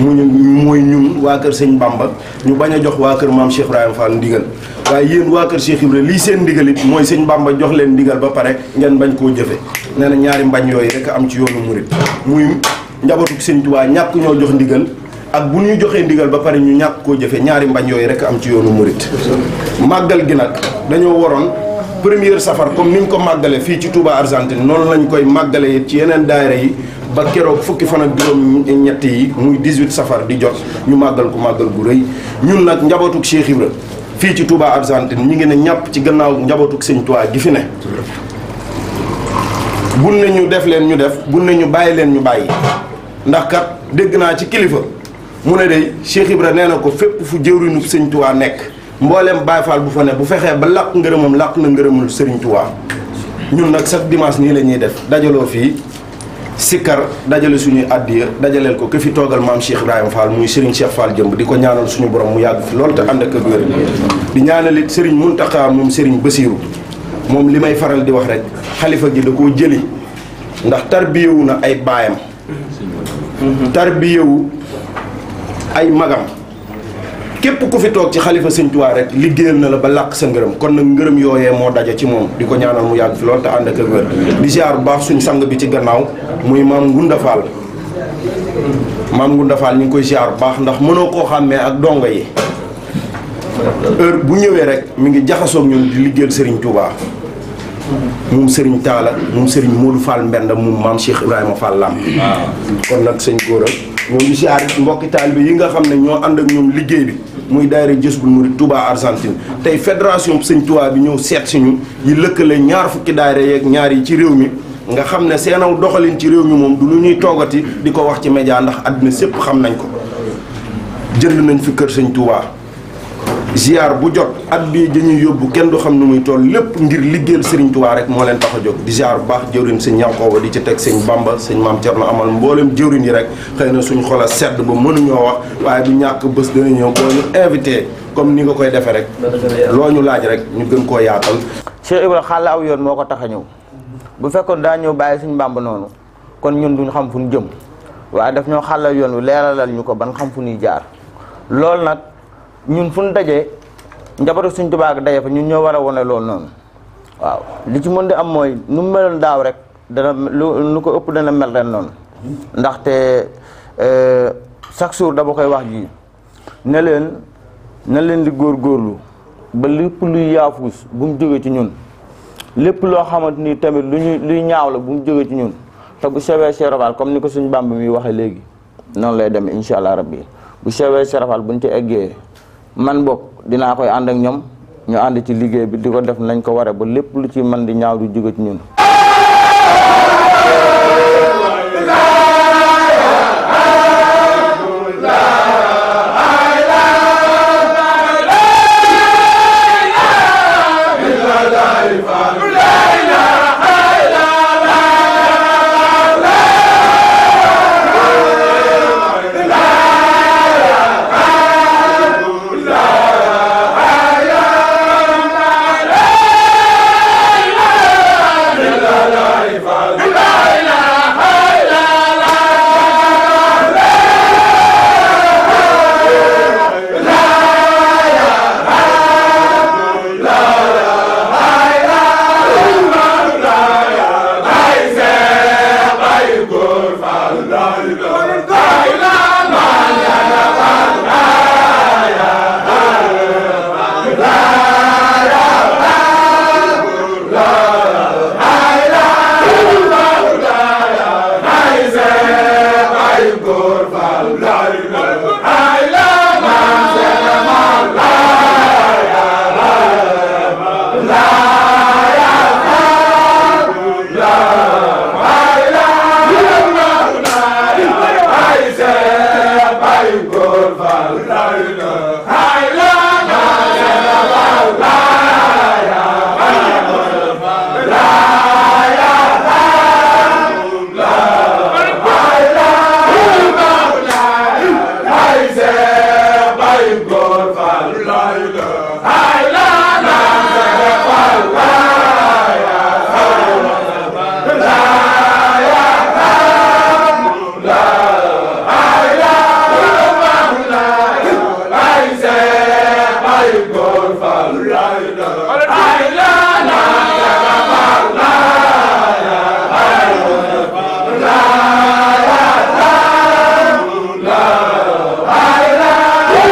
mu mooy ñun waa kër sëñ mbamba ñu bañ a jox waa kër maam Cheikh Ibrahima Fall ndigal waaye yéen waa kër Cheikh Ibrahima lii seen ndigal mooy sëñ Bamba jox leen ndigal ba pare ngeen bañ koo jëfe nee na ñaari mbañ yooyu rek am ci yoonu murit muy njabootu sëñ Tuubaa ñàkk ñoo jox ndigal ak bu ñuy joxee ndigal ba pare ñu ñàkk koo jëfe ñaari mbañ yooyu rek am ci yoonu murit màggal gi nag dañoo waroon première safar comme ni ñu ko màggale fii ci Touba Argentine noonu lañ koy màggale ci yeneen daayira yi ba keroog fukki fan ak juróom ñett yi muy 18 safar di jot ñu màggal ko màggal bu rëy ñun nag njabootuk Cheikh Ibra fii ci Touba Argentine ñu ngi ne ñàpp ci gannaaw njabootuk Sëñ Tuubaa gi fi ne bun ñu def leen ñu def bun ne ñu bàyyi leen ñu bàyyi ndax kat dégg naa ci kilifa mu ne de Cheikh Ibra nee na ko fépp fu jëwriñu Sëñ Tuubaa nekk mbooleem Baye Fall bu fa ne bu fexee ba làq ngërëmam làq na ngërëmul Serigne Touba ñun nag chaque dimanche nii la ñuy def dajaloo fii sikkar dajale suñuy addiya dajaleel ko ke fi toogal maam Cheikh Ibrahima Fall muy Serigne Cheikh Fall jëmb di ko ñaanal suñu borom mu yàgg fi loolu te ànd ak wér di ñaanal it Serigne Mountakha moom Serigne Bassirou moom li may faral di wax rek xalifa gi da koo jëli ndax tarbiyewu na ay baayam tarbiyewu ay magam képp ku fi toog ci xalifa sëñ Tuubaa rek liggéeyal na la ba làq sa ngërëm kon nag ngërëm yooyee moo daje ci moom di ko ñaanal mu yàgg fi lool te ànd ak wér di ziar bu baax suñ sang bi ci gannaaw muy maam Ngunda Fall maam Ngunda ñu ngi koy ziar bu baax ndax mënoo koo xàmmee ak dongo yi heure bu ñëwee rek mi ngi jaxasoog ñun di liggéeyal sëriñ Tuubaa moom sëriñ Taala moom sëriñ Modou Fall Mbenda moom maam Cheikh Ibrahima Fall Lam kon nag sëñ Góora ñoo ngi yi nga xam ne ñoo ànd ak ñoom liggéey bi muy daayira Jësbul Murid Touba Argentine tey fédération Sëñ Touba bi ñëw seet si ñu yi lëkkale ñaar fukki daayira yeeg ñaar yi ci réew mi nga xam ne seenaw doxalin ci réew mi moom du lu ñuy toogati di ko wax ci média ndax àddina sépp xam nañ ko jënd nañ fi kër Sëñ Touba ziar bu jot addiya ji ñuy yóbbu kenn du xam nu muy toll lépp ngir liggéeyal Serigne Touba rek moo leen tax a jóg di ziar bu baax jëwriñ sëñ Yankooba di ci teg sëñ Bamba sëñ Maam Cerno amal mboolem jëwriñ yi rek xëy na suñ xol a sedd ba mënuñoo wax waaye du ñàkk bés dana ñëw boo ñu invité comme ni nga koy defee rek loo ñu laaj rek ñu gën koo yaatal Cheikh Ibra xàll aw yoon moo ko tax a ñëw bu fekkoon daa ñëw bàyyi suñ Bamba noonu kon ñun duñ xam fu ñu jëm waaye ñoo xàllal yoon wi leeralal ñu ko ban xam fu jaar ñun fu ñu dajee njabootu suñ tubaab daje fa ñun ñoo war a wane loolu noonu waaw li ci mën di am mooy nu mu meloon daaw rek dana lu ko ëpp dana mel ren noonu ndaxte euh, chaque jour dama koy wax ji ne leen na leen di góorlu ba lépp luy yaafuus bu mu jóge ci ñun lépp loo xamante ni tamit lu ñuy luy ñaaw la bu mu jóge ci ñun te bu sewee seerofal comme ni ko suñ bàmb mi waxee léegi noonu lay demee incha allah rabbi bu sewee bu buñ ci eggee man bokk dinaa koy ànd ak ñoom ñu ànd ci liggéey bi di ko def nañ ko waree ba lépp lu ci man di ñaaw du jóge ci ñun